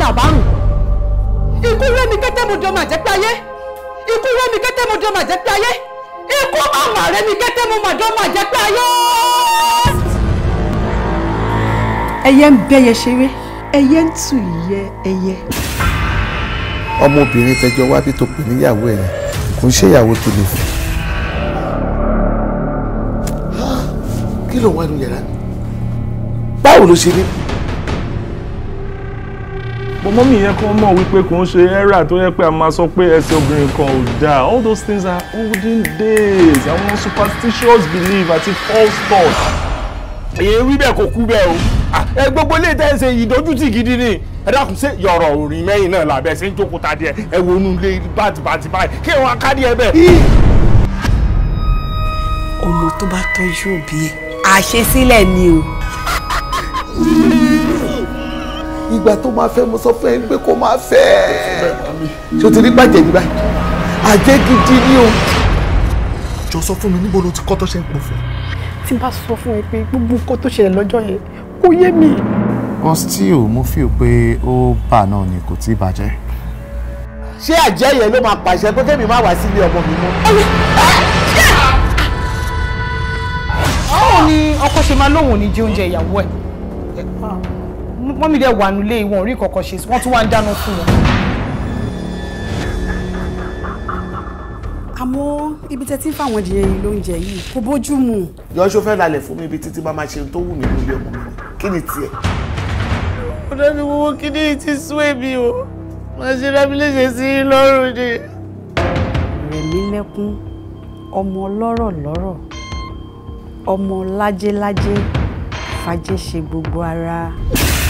ní àbárùn ikú rẹ́mi kẹ́tẹ́ mo dọ́mà jẹ́ pé ayé ikú rẹ́mi kẹ́tẹ́ mo dọ́mà jẹ́ pé ayé ikú màmá rẹ́mi kẹ́tẹ́ mo mà dọ́mà jẹ́ pé ayé. ẹyẹ ń bẹyẹ ṣeré ẹyẹ ń tù yẹ ẹyẹ. ọmọbìnrin tẹjọ wá bí tó pè níyàwó ẹ kò ń ṣèyàwó tó lè fún. kí ló wà nínú yàrá báwo ló ṣe rí bọ́mọ́ mi yẹn kàn mọ̀ wípé kò ń ṣe ẹ́rà tó yẹ pé a máa sọ pé ẹsẹ̀ obìnrin kan all those things are olden days I want superstitious belief àti false thoughts. èyí wí be a kú bẹ́ẹ̀ o ah, ẹ gbogbo ilé tẹ́ ẹ ṣe ìdójútì gidi ni ẹ dákun ṣe yọ̀rọ̀ òrìn mẹ́yìn náà làbẹ́ ṣe ń jókòó ta díẹ̀ ẹ wo inú ilé bàtìbàtì báyìí kí wọn ká díẹ̀ bẹ́ẹ̀. ọmọ tó bá tọ́jú òbí ẹ̀ àṣesílẹ̀ ni o. ìgbà tó máa fẹ́ mo sọ fún ẹ pé kó máa fẹ́ ẹ ṣé o ti rí bàjẹ́ nígbà àjẹ́ gidi ni o. jọ sọ fún mi níbo ló ti kọ́ tó ṣe ń pò fún. tí bá sọ fún ẹ pé gbogbo nǹkan tó ṣẹlẹ̀ lọ́jọ́ yẹn kò yé mi. but still mo feel pé ó bà náà ni kò tí ì bàjẹ́. ṣé àjẹ́ yẹn ló máa pàṣẹ pé kẹ́mi má wá sílé ọmọ mi mọ́. báwo ni ọkọ ṣe máa lóun ní jẹ oúnjẹ ìyàwó ẹ̀ mọ́mí dẹ̀ wà nílé ìwọ̀n orí kọ̀ọ̀kan ṣe wọ́n tún wá ń dáná fún wọn. àmọ́ ibi tẹ́tí ń fáwọn ìdíyẹ yìí lóúnjẹ yìí kò bójú mu. yọ̀ọ́sọ fẹ́ lálẹ́ fún mi ibi títí bá máa ṣe tó wù mí nílé ọmọ mi kí ni tiẹ̀. ọ̀dọ́ mi wo kí ni ti sún èmi o máa ṣe rábílẹ̀ṣẹ̀ sí i lọ́rùn ni. Rẹ̀mílẹ́kún ọmọ lọ́rọ̀ lọ́rọ̀ ọmọ lájẹ́lájẹ́ fàjẹ́ ṣe gbogbo ara.